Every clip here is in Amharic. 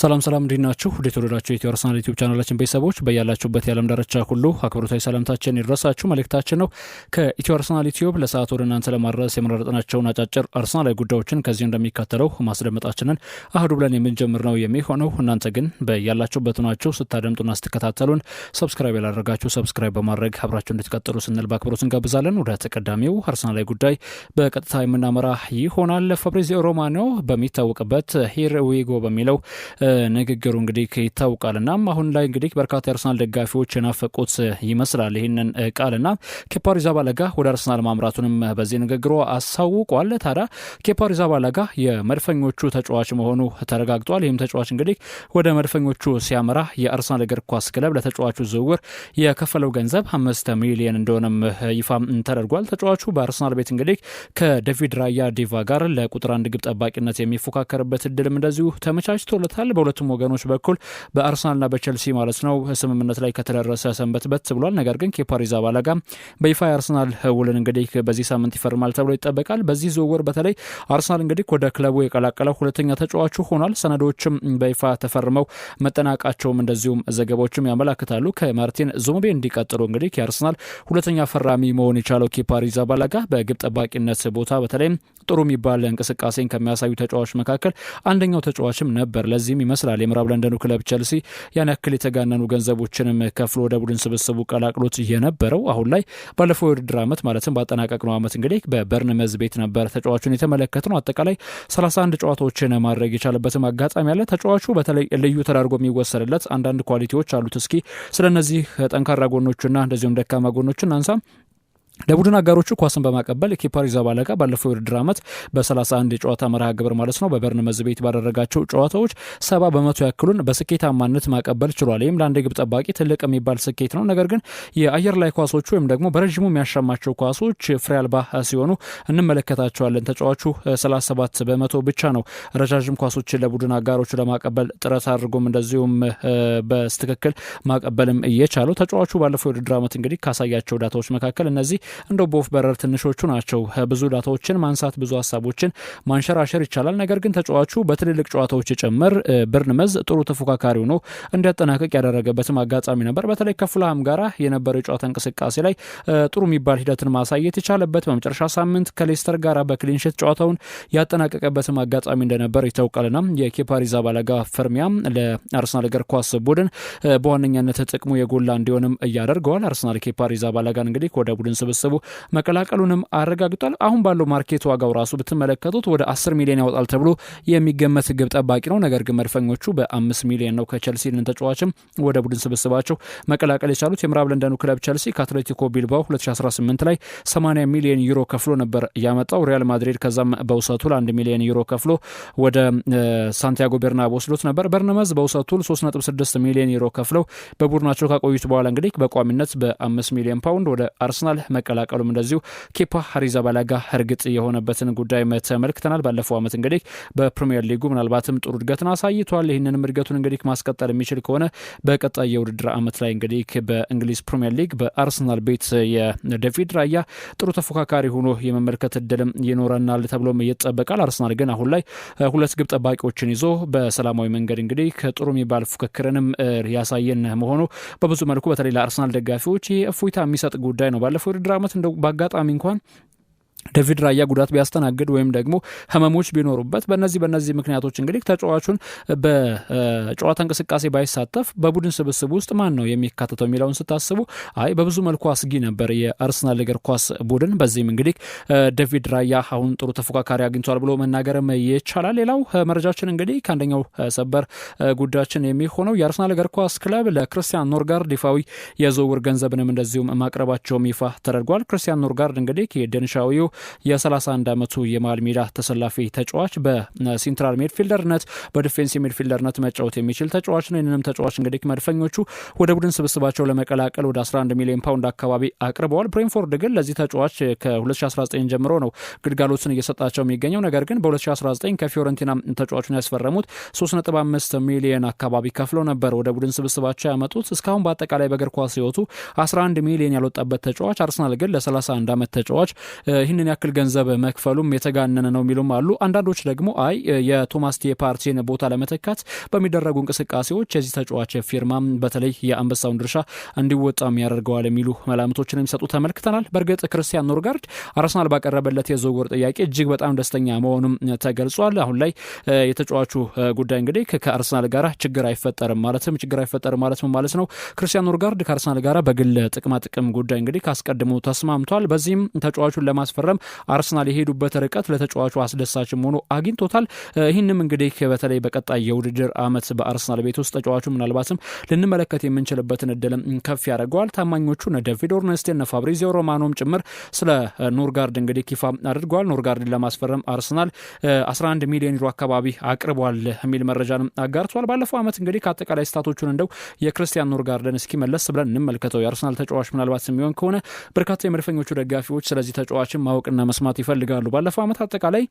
ሰላም ሰላም እንዴት ናችሁ? ወደ ተወደዳችሁ የኢትዮ አርሰናል ዩቲዩብ ቻናላችን ቤተሰቦች በያላችሁበት የዓለም ዳርቻ ሁሉ አክብሮታዊ ሰላምታችን ይድረሳችሁ መልእክታችን ነው። ከኢትዮ አርሰናል ዩቲዩብ ለሰዓት ወደ እናንተ ለማድረስ የመረጥናቸውን አጫጭር አርሰናላዊ ጉዳዮችን ከዚሁ እንደሚከተለው ማስደመጣችንን አህዱ ብለን የምንጀምር ነው የሚሆነው። እናንተ ግን በያላችሁበት ናችሁ ስታደምጡና ስትከታተሉን፣ ሰብስክራይብ ያላደረጋችሁ ሰብስክራይብ በማድረግ አብራችሁ እንድትቀጥሉ ስንል በአክብሮት እንጋብዛለን። ወደ ተቀዳሚው አርሰናላዊ ጉዳይ በቀጥታ የምናመራ ይሆናል። ፋብሪዚዮ ሮማኖ በሚታወቅበት ሂር ዊ በሚለው ንግግሩ እንግዲህ ይታወቃል። እናም አሁን ላይ እንግዲህ በርካታ የአርሰናል ደጋፊዎች የናፈቁት ይመስላል ይህንን ቃልና ኬፓ አሪዛባላጋ ወደ አርሰናል ማምራቱንም በዚህ ንግግሩ አሳውቋል። ታዲያ ኬፓ አሪዛባላጋ የመድፈኞቹ ተጫዋች መሆኑ ተረጋግጧል። ይህም ተጫዋች እንግዲህ ወደ መድፈኞቹ ሲያመራ የአርሰናል እግር ኳስ ክለብ ለተጫዋቹ ዝውውር የከፈለው ገንዘብ አምስት ሚሊየን እንደሆነም ይፋ ተደርጓል። ተጫዋቹ በአርሰናል ቤት እንግዲህ ከዴቪድ ራያ ዲቫ ጋር ለቁጥር አንድ ግብ ጠባቂነት የሚፎካከርበት እድልም እንደዚሁ ተመቻችቶለታል። በሁለቱም ወገኖች በኩል በአርሰናልና በቸልሲ ማለት ነው ስምምነት ላይ ከተደረሰ ሰንበት በት ብሏል። ነገር ግን ኬፓሪዝ አባላ በይፋ የአርሰናል ውልን እንግዲህ በዚህ ሳምንት ይፈርማል ተብሎ ይጠበቃል። በዚህ ዝውውር በተለይ አርሰናል እንግዲህ ወደ ክለቡ የቀላቀለው ሁለተኛ ተጫዋቹ ሆኗል። ሰነዶችም በይፋ ተፈርመው መጠናቃቸውም እንደዚሁም ዘገባዎችም ያመላክታሉ። ከማርቲን ዙሙቤ እንዲቀጥሉ እንግዲህ የአርሰናል ሁለተኛ ፈራሚ መሆን የቻለው ኬፓሪዝ አባላ በግብ ጠባቂነት ቦታ በተለይም ጥሩ የሚባል እንቅስቃሴን ከሚያሳዩ ተጫዋች መካከል አንደኛው ተጫዋችም ነበር። ለዚህም ይመስላል። የምዕራብ ለንደኑ ክለብ ቸልሲ ያን ያክል የተጋነኑ ገንዘቦችንም ከፍሎ ወደ ቡድን ስብስቡ ቀላቅሎት የነበረው አሁን ላይ ባለፈው የውድድር ዓመት ማለትም ባጠናቀቅነው ዓመት እንግዲህ በበርንመዝ ቤት ነበር ተጫዋቹን የተመለከት ነው። አጠቃላይ 31 ጨዋታዎችን ማድረግ የቻለበትም አጋጣሚ አለ። ተጫዋቹ በተለይ ልዩ ተዳርጎ የሚወሰድለት አንዳንድ ኳሊቲዎች አሉት። እስኪ ስለነዚህ ጠንካራ ጎኖችና እንደዚሁም ደካማ ጎኖችን አንሳም። ለቡድን አጋሮቹ ኳስን በማቀበል ኪፐር ይዛባለጋ ባለፈው የውድድር ዓመት በ31 የጨዋታ መርሃ ግብር ማለት ነው በበርንመዝ ቤት ባደረጋቸው ጨዋታዎች ሰባ በመቶ ያክሉን በስኬታማነት ማቀበል ችሏል። ይህም ለአንድ ግብ ጠባቂ ትልቅ የሚባል ስኬት ነው። ነገር ግን የአየር ላይ ኳሶቹ ወይም ደግሞ በረዥሙ የሚያሻማቸው ኳሶች ፍሬ አልባ ሲሆኑ እንመለከታቸዋለን። ተጫዋቹ 37 በመቶ ብቻ ነው ረዣዥም ኳሶችን ለቡድን አጋሮቹ ለማቀበል ጥረት አድርጎም እንደዚሁም በስትክክል ማቀበልም እየቻለው ተጫዋቹ ባለፈው የውድድር ዓመት እንግዲህ ካሳያቸው ዳታዎች መካከል እነዚህ እንደ በወፍ በረር ትንሾቹ ናቸው። ብዙ ዳታዎችን ማንሳት ብዙ ሀሳቦችን ማንሸራሸር ይቻላል። ነገር ግን ተጫዋቹ በትልልቅ ጨዋታዎች ጭምር ብርንመዝ ጥሩ ተፎካካሪ ሆኖ እንዲያጠናቀቅ ያደረገበትም አጋጣሚ ነበር። በተለይ ከፉልሃም ጋራ የነበረው የጨዋታ እንቅስቃሴ ላይ ጥሩ የሚባል ሂደትን ማሳየት የቻለበት በመጨረሻ ሳምንት ከሌስተር ጋራ በክሊንሽት ጨዋታውን ያጠናቀቀበትም አጋጣሚ እንደነበር ይታወቃልና የኬፓ አሪዛባላጋ ፍርሚያም ለአርሰናል እግር ኳስ ቡድን በዋነኛነት ጥቅሙ የጎላ እንዲሆንም እያደርገዋል። አርሰናል ኬፓ አሪዛባላጋን እንግዲህ ወደ ቡድን ስብ እየሰበሰቡ መቀላቀሉንም አረጋግጧል። አሁን ባለው ማርኬት ዋጋው ራሱ ብትመለከቱት ወደ 10 ሚሊዮን ያወጣል ተብሎ የሚገመት ግብ ጠባቂ ነው። ነገር ግን መድፈኞቹ በ5 ሚሊዮን ነው ከቸልሲ ተጫዋችም ወደ ቡድን ስብስባቸው መቀላቀል የቻሉት። የምዕራብ ለንደኑ ክለብ ቸልሲ ከአትሌቲኮ ቢልባው 2018 ላይ 80 ሚሊዮን ዩሮ ከፍሎ ነበር ያመጣው። ሪያል ማድሪድ ከዛም በውሰቱ ለ1 ሚሊዮን ዩሮ ከፍሎ ወደ ሳንቲያጎ ቤርናቦ ወስዶት ነበር። በርነመዝ በውሰቱ 36 ሚሊዮን ዩሮ ከፍለው በቡድናቸው ካቆዩት በኋላ እንግዲህ በቋሚነት በ5 ሚሊዮን ፓውንድ ወደ አርሰናል መቀላቀሉም እንደዚሁ ኬፓ አሪዛባላጋ እርግጥ የሆነበትን ጉዳይ ተመልክተናል። ባለፈው ዓመት እንግዲህ በፕሪሚየር ሊጉ ምናልባትም ጥሩ እድገትን አሳይቷል። ይህንንም እድገቱን እንግዲህ ማስቀጠል የሚችል ከሆነ በቀጣይ የውድድር ዓመት ላይ እንግዲህ በእንግሊዝ ፕሪሚየር ሊግ በአርሰናል ቤት የዴቪድ ራያ ጥሩ ተፎካካሪ ሆኖ የመመልከት እድልም ይኖረናል ተብሎም ይጠበቃል። አርሰናል ግን አሁን ላይ ሁለት ግብ ጠባቂዎችን ይዞ በሰላማዊ መንገድ እንግዲህ ከጥሩ የሚባል ፉክክርንም ያሳየን መሆኑ በብዙ መልኩ በተለይ ለአርሰናል ደጋፊዎች እፎይታ የሚሰጥ ጉዳይ ነው። ባለፈው ውድድር አመት እንደው በአጋጣሚ እንኳን ዴቪድ ራያ ጉዳት ቢያስተናግድ ወይም ደግሞ ህመሞች ቢኖሩበት በነዚህ በነዚህ ምክንያቶች እንግዲህ ተጫዋቹን በጨዋታ እንቅስቃሴ ባይሳተፍ በቡድን ስብስብ ውስጥ ማን ነው የሚካተተው የሚለውን ስታስቡ አይ በብዙ መልኩ አስጊ ነበር የአርሰናል እግር ኳስ ቡድን። በዚህም እንግዲህ ዴቪድ ራያ አሁን ጥሩ ተፎካካሪ አግኝቷል ብሎ መናገርም ይቻላል። ሌላው መረጃችን እንግዲህ ከአንደኛው ሰበር ጉዳያችን የሚሆነው የአርሰናል እግር ኳስ ክለብ ለክርስቲያን ኖርጋርድ ይፋዊ የዝውውር ገንዘብንም እንደዚሁም ማቅረባቸውም ይፋ ተደርጓል። ክርስቲያን ኖርጋርድ እንግዲህ የደንሻዊው የ31 ዓመቱ የመሃል ሜዳ ተሰላፊ ተጫዋች በሴንትራል ሚድፊልደርነት በዲፌንስ ሚድፊልደርነት መጫወት የሚችል ተጫዋች ነው። ይህንንም ተጫዋች እንግዲህ መድፈኞቹ ወደ ቡድን ስብስባቸው ለመቀላቀል ወደ 11 ሚሊዮን ፓውንድ አካባቢ አቅርበዋል። ብሬንፎርድ ግን ለዚህ ተጫዋች ከ2019 ጀምሮ ነው ግልጋሎትን እየሰጣቸው የሚገኘው። ነገር ግን በ2019 ከፊዮረንቲና ተጫዋቹን ያስፈረሙት 3.5 ሚሊዮን አካባቢ ከፍለው ነበር ወደ ቡድን ስብስባቸው ያመጡት። እስካሁን በአጠቃላይ በእግር ኳስ ህይወቱ 11 ሚሊዮን ያልወጣበት ተጫዋች አርሰናል ግን ለ31 ዓመት ተጫዋች ይህን ይህንን ያክል ገንዘብ መክፈሉም የተጋነነ ነው የሚሉም አሉ። አንዳንዶች ደግሞ አይ የቶማስ ቴ ፓርቲን ቦታ ለመተካት በሚደረጉ እንቅስቃሴዎች የዚህ ተጫዋች ፊርማም በተለይ የአንበሳውን ድርሻ እንዲወጣም ያደርገዋል የሚሉ መላምቶችን የሚሰጡ ተመልክተናል። በእርግጥ ክርስቲያን ኖርጋርድ አርሰናል ባቀረበለት የዝውውር ጥያቄ እጅግ በጣም ደስተኛ መሆኑም ተገልጿል። አሁን ላይ የተጫዋቹ ጉዳይ እንግዲህ ከአርሰናል ጋር ችግር አይፈጠርም ማለትም ችግር አይፈጠርም ማለት ማለት ነው። ክርስቲያን ኖርጋርድ ከአርሰናል ጋር በግል ጥቅማጥቅም ጉዳይ እንግዲህ አስቀድሞ ተስማምቷል። በዚህም ተጫዋቹን ለማስፈረም በመፈራረም አርሰናል የሄዱበት ርቀት ለተጫዋቹ አስደሳችም ሆኖ አግኝቶታል። ይህንም እንግዲህ በተለይ በቀጣይ የውድድር አመት በአርሰናል ቤት ውስጥ ተጫዋቹ ምናልባትም ልንመለከት የምንችልበትን እድልም ከፍ ያደርገዋል። ታማኞቹ እነ ዴቪድ ኦርነስቴ እነ ፋብሪዚዮ ሮማኖም ጭምር ስለ ኖርጋርድ እንግዲህ ይፋ አድርገዋል። ኖርጋርድን ለማስፈረም አርሰናል 11 ሚሊዮን ዩሮ አካባቢ አቅርቧል የሚል መረጃንም አጋርቷል። ባለፈው አመት እንግዲህ ከአጠቃላይ ስታቶቹን እንደው የክርስቲያን ኖርጋርደን እስኪ መለስ ብለን እንመልከተው። የአርሰናል ተጫዋች ምናልባት የሚሆን ከሆነ በርካታ የመድፈኞቹ ደጋፊዎች ስለዚህ ተጫዋችን ማወቅ ማወቅና መስማት ይፈልጋሉ። ባለፈው ዓመት አጠቃላይ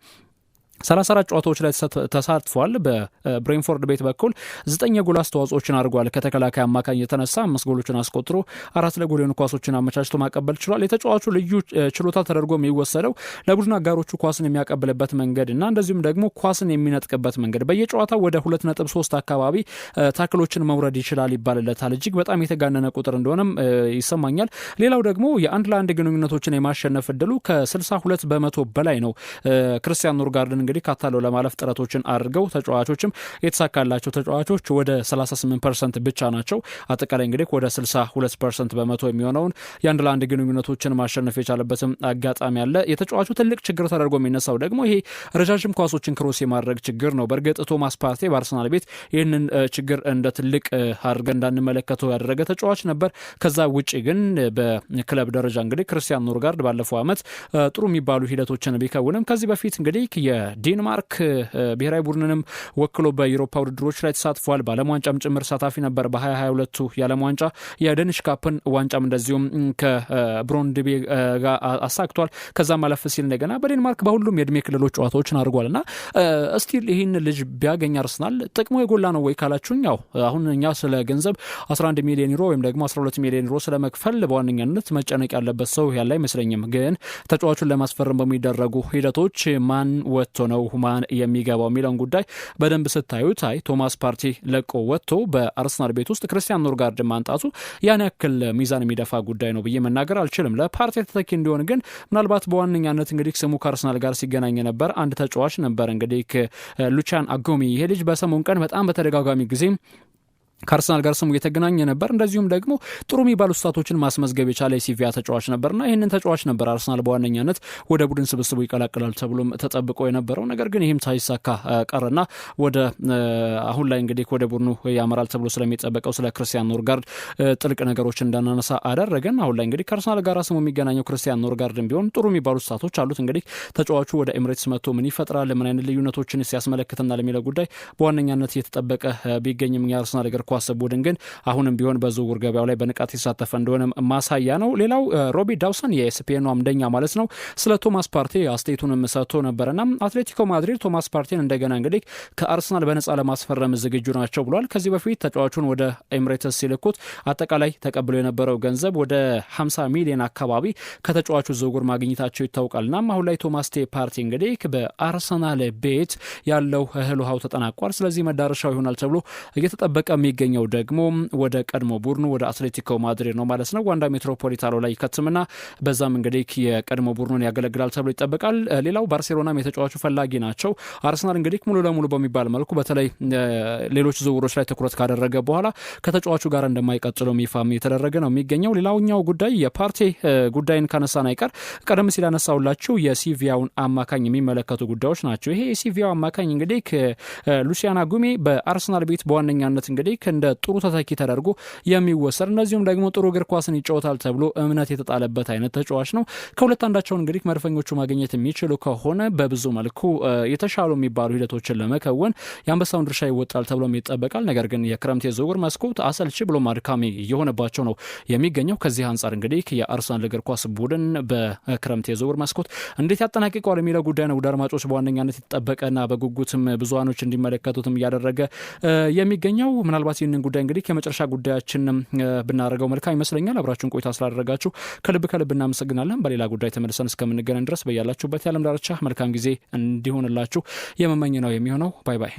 ሰላሳ አራት ጨዋታዎች ላይ ተሳትፏል። በብሬንፎርድ ቤት በኩል ዘጠኝ የጎል አስተዋጽኦችን አድርጓል። ከተከላካይ አማካኝ የተነሳ አምስት ጎሎችን አስቆጥሮ አራት ለጎል የሆኑ ኳሶችን አመቻችቶ ማቀበል ችሏል። የተጫዋቹ ልዩ ችሎታ ተደርጎ የሚወሰደው ለቡድን አጋሮቹ ኳስን የሚያቀብልበት መንገድ እና እንደዚሁም ደግሞ ኳስን የሚነጥቅበት መንገድ በየጨዋታው ወደ ሁለት ነጥብ ሶስት አካባቢ ታክሎችን መውረድ ይችላል ይባልለታል። እጅግ በጣም የተጋነነ ቁጥር እንደሆነም ይሰማኛል። ሌላው ደግሞ የአንድ ለአንድ ግንኙነቶችን የማሸነፍ እድሉ ከ62 በመቶ በላይ ነው። ክርስቲያን ኖርጋርድን እንግዲህ ካታሎ ለማለፍ ጥረቶችን አድርገው ተጫዋቾችም የተሳካላቸው ተጫዋቾች ወደ 38 ፐርሰንት ብቻ ናቸው። አጠቃላይ እንግዲህ ወደ 62 ፐርሰንት በመቶ የሚሆነውን የአንድ ለአንድ ግንኙነቶችን ማሸነፍ የቻለበትም አጋጣሚ አለ። የተጫዋቹ ትልቅ ችግር ተደርጎ የሚነሳው ደግሞ ይሄ ረዣዥም ኳሶችን ክሮስ የማድረግ ችግር ነው። በእርግጥ ቶማስ ፓርቴ በአርሰናል ቤት ይህንን ችግር እንደ ትልቅ አድርገን እንዳንመለከተው ያደረገ ተጫዋች ነበር። ከዛ ውጭ ግን በክለብ ደረጃ እንግዲህ ክርስቲያን ኖርጋርድ ባለፈው ዓመት ጥሩ የሚባሉ ሂደቶችን ቢከውንም ከዚህ በፊት እንግዲህ ዴንማርክ ብሔራዊ ቡድንንም ወክሎ በኢሮፓ ውድድሮች ላይ ተሳትፏል። በዓለም ዋንጫም ጭምር ሳታፊ ነበር። 2022 የዓለም ዋንጫ የደንሽ ካፕን ዋንጫም እንደዚሁም ከብሮንድቤ ጋር አሳክቷል። ከዛም አለፍ ሲል እንደገና በዴንማርክ በሁሉም የእድሜ ክልሎች ጨዋታዎችን አድርጓል እና እስቲል ይህን ልጅ ቢያገኝ አርስናል ጥቅሙ የጎላ ነው ወይ ካላችሁኝ፣ ያው አሁን እኛ ስለ ገንዘብ 11 ሚሊዮን ዩሮ ወይም ደግሞ 12 ሚሊዮን ዩሮ ስለ መክፈል በዋነኛነት መጨነቅ ያለበት ሰው ያለ አይመስለኝም። ግን ተጫዋቹን ለማስፈረም በሚደረጉ ሂደቶች ማን ወጥቶ ነው ሁማን የሚገባው የሚለውን ጉዳይ በደንብ ስታዩት አይ ቶማስ ፓርቲ ለቆ ወጥቶ በአርሰናል ቤት ውስጥ ክርስቲያን ኖርጋርድ ማንጣቱ ያን ያክል ሚዛን የሚደፋ ጉዳይ ነው ብዬ መናገር አልችልም። ለፓርቲ ተተኪ እንዲሆን ግን ምናልባት በዋነኛነት እንግዲህ ስሙ ከአርሰናል ጋር ሲገናኝ ነበር አንድ ተጫዋች ነበር እንግዲህ ሉቻን አጎሚ ይሄ ልጅ በሰሞኑ ቀን በጣም በተደጋጋሚ ጊዜ ከአርሰናል ጋር ስሙ እየተገናኘ ነበር። እንደዚሁም ደግሞ ጥሩ የሚባሉ ስታቶችን ማስመዝገብ የቻለ የሲቪያ ተጫዋች ነበርና ይህንን ተጫዋች ነበር አርሰናል በዋነኛነት ወደ ቡድን ስብስቡ ይቀላቅላል ተብሎም ተጠብቆ የነበረው ነገር ግን ይህም ሳይሳካ ቀረና ወደ አሁን ላይ እንግዲህ ወደ ቡድኑ ያመራል ተብሎ ስለሚጠበቀው ስለ ክርስቲያን ኖርጋርድ ጥልቅ ነገሮች እንዳናነሳ አደረገን። አሁን ላይ እንግዲህ ከአርሰናል ጋር ስሙ የሚገናኘው ክርስቲያን ኖርጋርድን ቢሆን ጥሩ የሚባሉ ስታቶች አሉት። እንግዲህ ተጫዋቹ ወደ ኤምሬትስ መጥቶ ምን ይፈጥራል፣ ምን አይነት ልዩነቶችን ሲያስመለክትና የሚለው ጉዳይ በዋነኛነት እየተጠበቀ ቢገኝም የአርሰናል እግር ኳስ ቡድን ግን አሁንም ቢሆን በዝውውር ገበያው ላይ በንቃት የተሳተፈ እንደሆነ ማሳያ ነው። ሌላው ሮቢ ዳውሰን የኤስፒኑ አምደኛ ማለት ነው ስለ ቶማስ ፓርቲ አስተያየቱንም ሰጥቶ ነበረና አትሌቲኮ ማድሪድ ቶማስ ፓርቲን እንደገና እንግዲህ ከአርሰናል በነጻ ለማስፈረም ዝግጁ ናቸው ብሏል። ከዚህ በፊት ተጫዋቹን ወደ ኤምሬትስ ሲልኩት አጠቃላይ ተቀብሎ የነበረው ገንዘብ ወደ 50 ሚሊዮን አካባቢ ከተጫዋቹ ዝውውር ማግኘታቸው ይታወቃል። እናም አሁን ላይ ቶማስ ቴ ፓርቲ እንግዲህ በአርሰናል ቤት ያለው እህል ውሃው ተጠናቋል። ስለዚህ መዳረሻው ይሆናል ተብሎ እየተጠበቀ የሚገ የሚገኘው ደግሞ ወደ ቀድሞ ቡድኑ ወደ አትሌቲኮ ማድሪድ ነው ማለት ነው። ዋንዳ ሜትሮፖሊታኖ ላይ ይከትምና በዛም እንግዲህ የቀድሞ ቡድኑን ያገለግላል ተብሎ ይጠበቃል። ሌላው ባርሴሎናም የተጫዋቹ ፈላጊ ናቸው። አርሰናል እንግዲህ ሙሉ ለሙሉ በሚባል መልኩ በተለይ ሌሎች ዝውውሮች ላይ ትኩረት ካደረገ በኋላ ከተጫዋቹ ጋር እንደማይቀጥሉ ይፋ የተደረገ ነው የሚገኘው። ሌላውኛው ጉዳይ የፓርቴ ጉዳይን ካነሳን አይቀር ቀደም ሲል ያነሳውላችሁ የሲቪያውን አማካኝ የሚመለከቱ ጉዳዮች ናቸው። ይሄ የሲቪያው አማካኝ እንግዲህ ሉሲያና ጉሜ በአርሰናል ቤት በዋነኛነት እንግዲህ እንደ ጥሩ ተተኪ ተደርጎ የሚወሰድ እንደዚሁም ደግሞ ጥሩ እግር ኳስን ይጫወታል ተብሎ እምነት የተጣለበት አይነት ተጫዋች ነው። ከሁለት አንዳቸው እንግዲህ መድፈኞቹ ማግኘት የሚችሉ ከሆነ በብዙ መልኩ የተሻሉ የሚባሉ ሂደቶችን ለመከወን የአንበሳውን ድርሻ ይወጣል ተብሎም ይጠበቃል። ነገር ግን የክረምት የዝውውር መስኮት አሰልቺ ብሎ አድካሚ እየሆነባቸው ነው የሚገኘው። ከዚህ አንጻር እንግዲህ የአርሰናል እግር ኳስ ቡድን በክረምት የዝውውር መስኮት እንዴት ያጠናቅቀዋል የሚለው ጉዳይ ነው ወደ አድማጮች በዋነኛነት የተጠበቀና በጉጉትም ብዙሀኖች እንዲመለከቱትም እያደረገ የሚገኘው ምናልባት ይህንን ጉዳይ እንግዲህ ከመጨረሻ ጉዳያችን ብናደረገው መልካም ይመስለኛል። አብራችሁን ቆይታ ስላደረጋችሁ ከልብ ከልብ እናመሰግናለን። በሌላ ጉዳይ ተመልሰን እስከምንገናኝ ድረስ በያላችሁበት የዓለም ዳርቻ መልካም ጊዜ እንዲሆንላችሁ የመመኝ ነው የሚሆነው። ባይ ባይ።